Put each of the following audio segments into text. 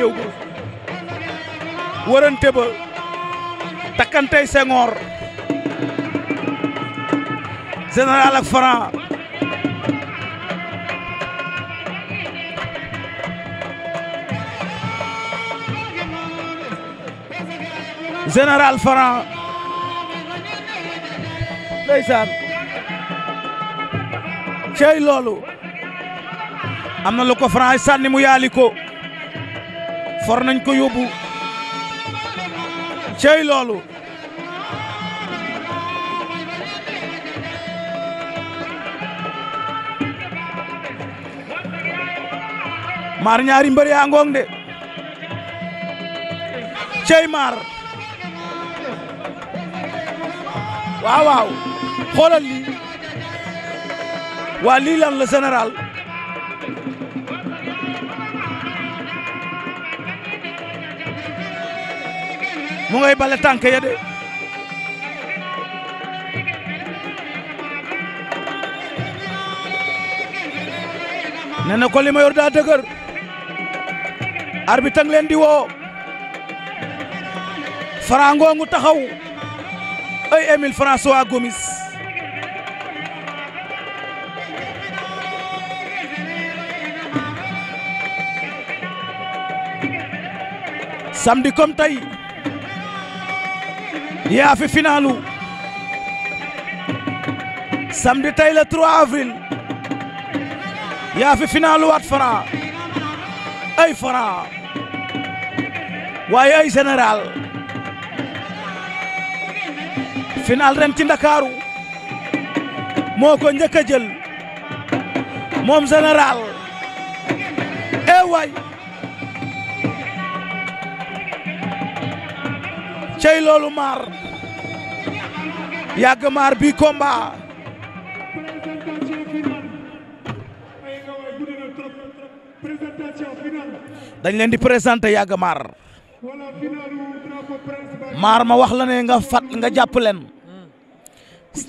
géew ba wërante ba takkantey général ak Franc général Franc loolu am na lu ko Franc sànni mu yaali for nañ ko yóbbu cey loolu maar ñaari mbër yaa ngoong de cey maar waaw waaw waa lii la général mu ngay bale tànk ya de nee ko li daa dëgër arbitre leen di woo Franc ngu taxaw ay Émile François Gomis samedi comme tey Yaafi finalu samedi tey le 3 avril Yaafi finalu waat Franc ay Franc waaye ay général final ren ci Ndakaaru moo ko njëkk moom général ee eh cey loolu maar yàgg maar bi combat dañ leen di présenté yàgg maar ma wax nga fat nga jàpp leen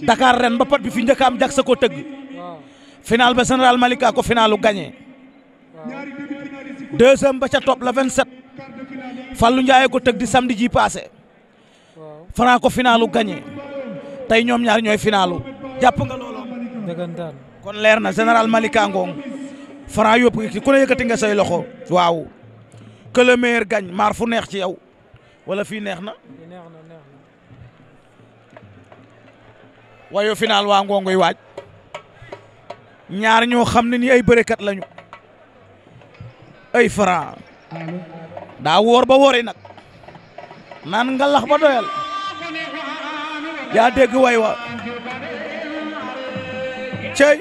Dakar ren ba pat bi fi njëkkaam jag sa ko tëgg final ba général Malika ko finalu gagné deuxième ba ca topp la 27 Fallou Ndiaye ko tëgg di samedi ji passé Franc ko finalu gagné. tey ñoom ñaar ñooy finaalu jàpp nga looloo. kon leer na général Malika Ngong Franc yóbbu ki ku yëkkati nga say loxo. waaw que le maar fu neex ci yow wala fii neex na. neex na neex na. waaye waaj ñaar ñoo xam ne ni ay bërekat lañu ay Franc daa woor ba woori nag naan nga lax ba doyal. yaa dégg way wa cey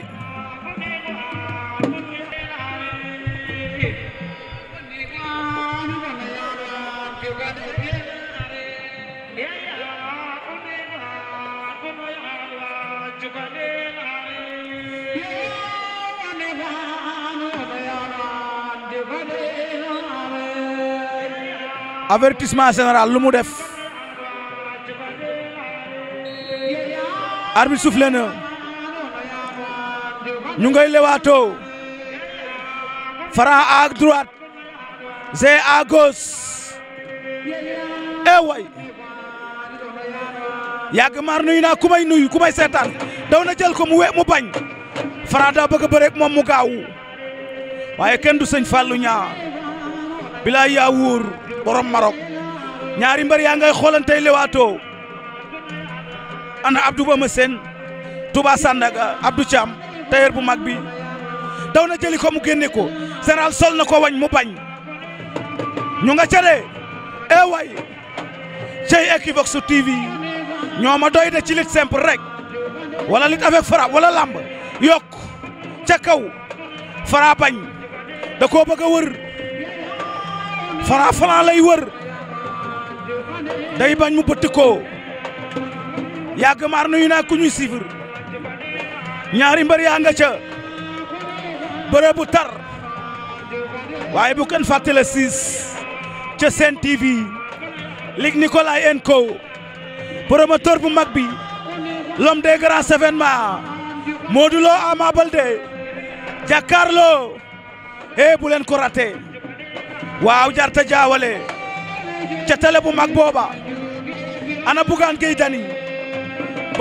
avertissement général lu mu def arbitre soufflé na ñu ngay lewaatoo Fara à droite Zé à gauche eh way naa ku may nuyu ku may seetaan daw na jël ko mu we mu bañ Fara daa bëgg a bëreeg moom mu gaawu waaye kenn du sëñ Fallou ñaa bilaay yaa wuur borom Marok ñaari mbër yaa ngay xoolantey lewaatoo ana Abdou Bama Sène Touba Sandaga Abdou bu mag bi daw na jëli ko mu génne ko général sol na ko wañ mu bañ ñu nga cere ee way cey Equivox TV ñoo ma doy de ci lit simple rek wala lit avec frappe wala lamb yokk ca kaw fara bañ da koo bëgg a wër fara falan lay wër day bañ mu bëtt ko yàgg maar nuyu naa ku ñuy suivre ñaari mbër yaa nga ca bëre bu tar waaye bu kenn fàtte la siis ca Sen TV en co promoteur bu mag bi l'homme des grands événements Modou Lo Ama Baldé jàkkaarloo eh bu leen ko raté waaw jarta jaawale ca télé bu mag booba ana bugaan gay dani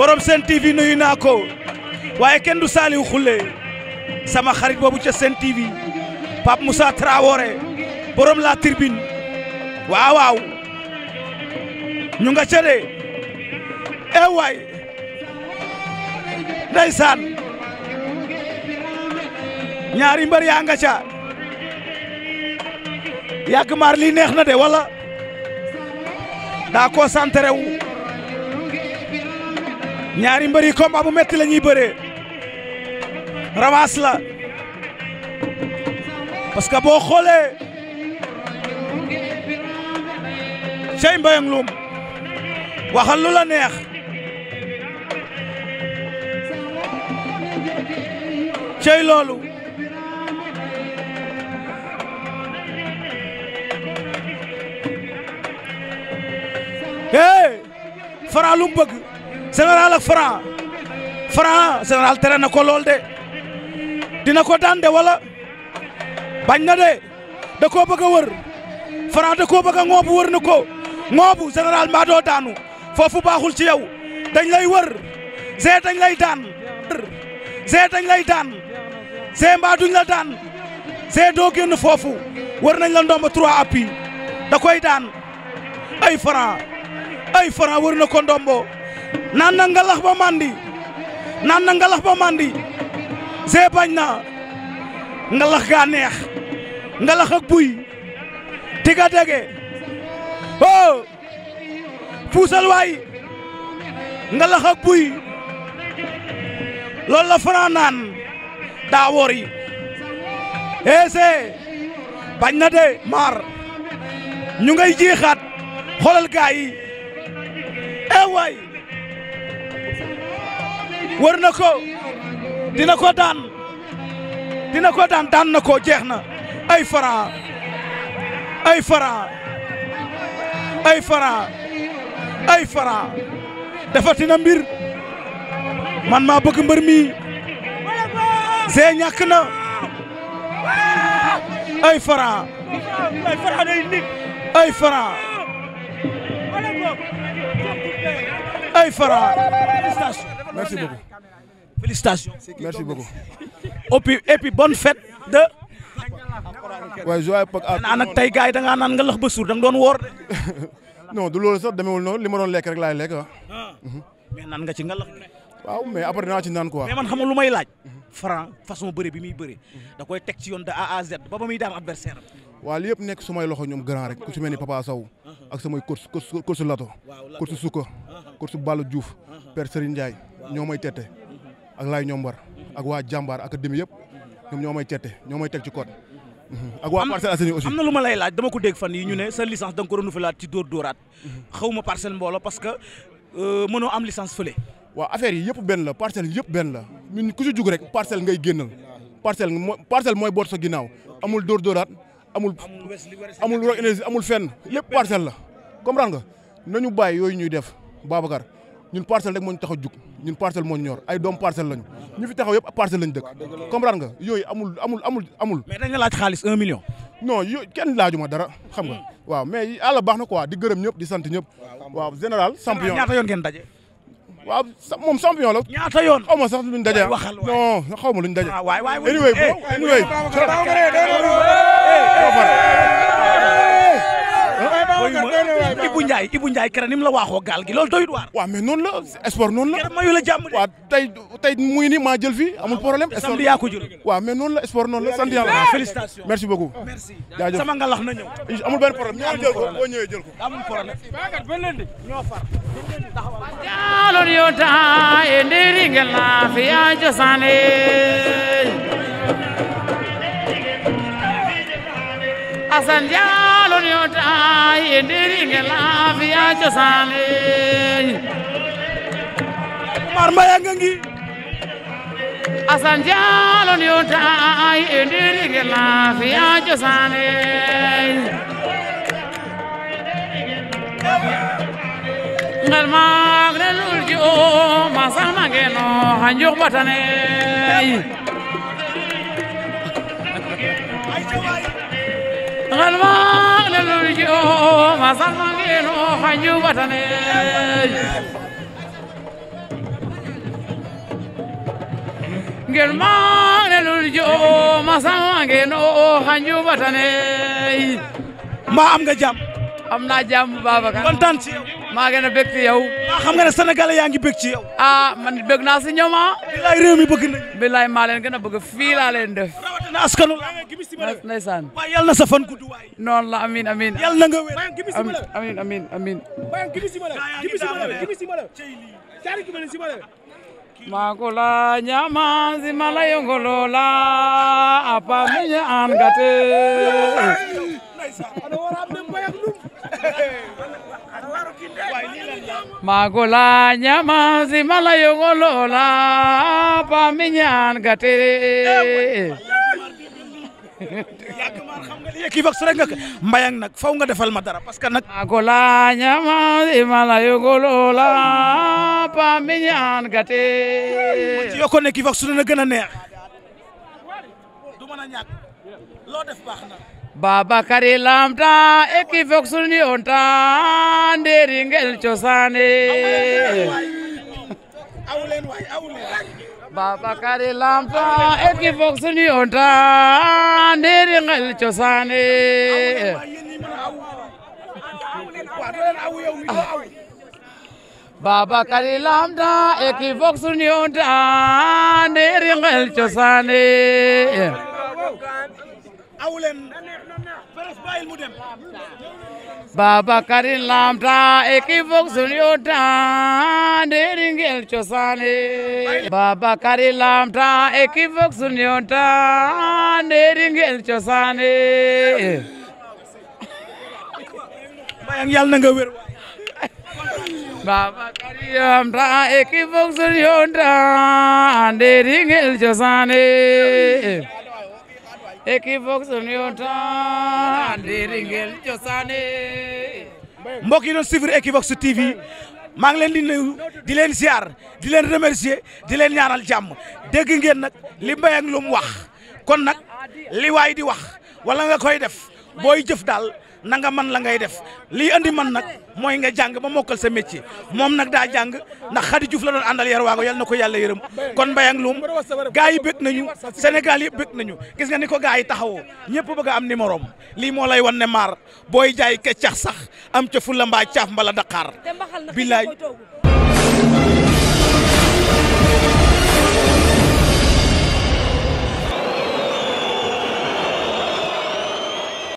borom Sen TV nuyu naa ko waaye kenn du Saliou Khoulé sama xarit boobu ca Sen TV Pape Moussa Traoré borom la tribune waaw ñu nga ca de eh waay ndeysaan ñaari mbër yaa nga ca yàgg maar lii neex na de wala daa concentré wu. ñaari mbër yi combat bu metti la ñuy bëree ramas la parce que boo xoolee cey mbayang lum waxal lu la neex cey loolu hey fara bëgg général ak Franc Franc tere na ko lool de dina ko daan de wala bañ na de da koo bëgg a wër Franc da koo bëgg ŋoobu wër na ko ŋoobu général mbaa daanu foofu baaxul ci yow dañ lay wër see dañ lay daan see dañ lay daan see mbaa duñ daan see doo génn foofu wër nañ la ndomba trois appuis da koy daan ay Franc ay Franc wër na ko ndombo naan na ngalax ba mandi naan na ngalax ba mandi Zé bañ na ngalax gaa neex ngalax ak buy tiga dege oh puusal waay ngalax ak buy loolu la Franc naan daa wori ee eh, Zé bañ na de maar ñu ngay jeexaat xoolal gaa yi ee eh, waay wër na ko dina ko daan dina ko daan na ko jeex na ay Franc ay Franc ay Franc ay Franc defati na mbir man maa bëgg mbër mi Zé ñàkk na ay Franc ay Franc ay Franc merci beaucoup félicitations. merci beaucoup. et puis et puis bonne fête de. waaye joie Pâques à. xanaa yi da ngaa naan nga lax ba suur da nga doon woor. non du loolu sax demeewul noonu li ma doon lekk rek laay lekk ah. ah. mais naan nga ci nga lax. waaw mais après dinaa ci naan quoi. mais man xam lu may laaj. Franc façon bëre bi muy bëre. da koy teg ci yoon de A à ba ba muy daan adversaire am. waaw yëpp nekk sumay loxo ñoom grand rek ku ci mel ni Papa Sow ak samay course course course lato course Souka ah. course Ballou Diouf ah. Père Serigne ñoo may ak laay ñoom war ak waa jàmbaar académie yëpp ñoom teg ci code mhm. ak waa Parcelles Assainies am na lu ma lay laaj dama ko dégg fan yi ñu ne sa licence da nga ko renouvelaat ci dóor dóoraat xaw ma parcelle mbooloo parce que euh, mënoo am licence fële waaw yëpp benn la parcelle yëpp benn la ñun ku si jug rek parcelle ngay génnal parcelle mooy parcelle mooy boot sa ginnaaw amul dóor dóoraat amul amul amul fenn lépp parcelle la comprendre nga nañu bàyyi yooyu ñuy def Babacar ñun parcelle rek moo ñu tax a ñun parcelle moo ñu ñor ay doom parcelle lañu ñu fi taxaw yëpp parcelle lañu dëkk comprendre nga yooyu amul amul amul amul. mais dañ la laaj xaalis un million. non yo kenn laajuma dara xam ga waaw mais yàlla baax na ko quoi di gërëm ñëpp di sant ñëpp. waaw général champion ñaata yoon ngeen daje. waaw moom champion la. ñaata yoon xaw ma sax luñ daje non xaw ma luñ daje. ah waay waay anyway anyway boo Ibou Ndiaye Ibou Ndiaye keroog ni mu la waaxoo gaal gi loolu doyut waar. waaw mais la sport noonu la. keroog mayu la muy ni maa jël fii amul problème. sport samedi ko jël. waaw mais noonu la sport noonu la sant yàlla. félicitations merci beaucoup. merci jaajëf ko boo yo ta e nderi laafiya cosaane asan doon yoo taay ne lul ji oo salma nge noo hanjuk bataneey ngal maag ma sanma ngeno xaƴu watane ngel manelul jo ma sanma ngeno xaƴu watane ma am nga jàmm am naa jàmm Babacar kontaan ci maa gën a bëgg ci yow. waaw xam nga ne yaa ngi bëgg ci yaw ah man bëgg naa si ñoom ah. bilaay réew mi bëgg nañ. bilaay maa leen gën a bëgg fii laa leen def. rawatina askanu la. ndeysaan. waaye yal na sa fan gudd noonu la amin amin yal na nga wér. amin amin amin Makula nyama zimala yongolola apa menye angate Magula nyama zimala yongolola paminyan gatiri. kii wax rek nga mbayang nag faw nga defal ma dara parce que nag. Magula nyama zimala yongolola paminyan gatiri. ci yokkoon ne kii wax su na gën a neex. du mën a ñàkk loo def baax na. Babakary lamta Equivox ni on ta nderi ngel cosaane Babakary lamta Equivox ni on ta nderi ngel cosaane aw leen presse bàyyil mu dem Babakary Lamta cosaane Babakary Lamta Equivox suñu temps nderi ngel cosaane cosaane Equivox Union Time ndiri ngeen cosaane yi doon suivre Equivox TV maa ngi leen di nuyu di leen ziar di leen remercier di leen ñaanal jàmm dégg ngeen nag li Mbaye ak lu mu wax kon nag li waay di wax wala nga koy def booy jëf daal nanga man la ngay def lii andi man nag mooy nga jàng ba mokkal sa métier moom nag daa jàng ndax Khady Diouf la doon àndal yar waago yal na ko yàlla yërëm kon Mbayang Loum gars yi bëgg nañu Sénégal yëpp bëgg nañu gis nga ni ko gars yi taxawoo ñëpp bëgg a am numérom lii moo lay wan ne maar booy jaay keccax sax am ca fulla mbaa caaf mbala daqaar bilaay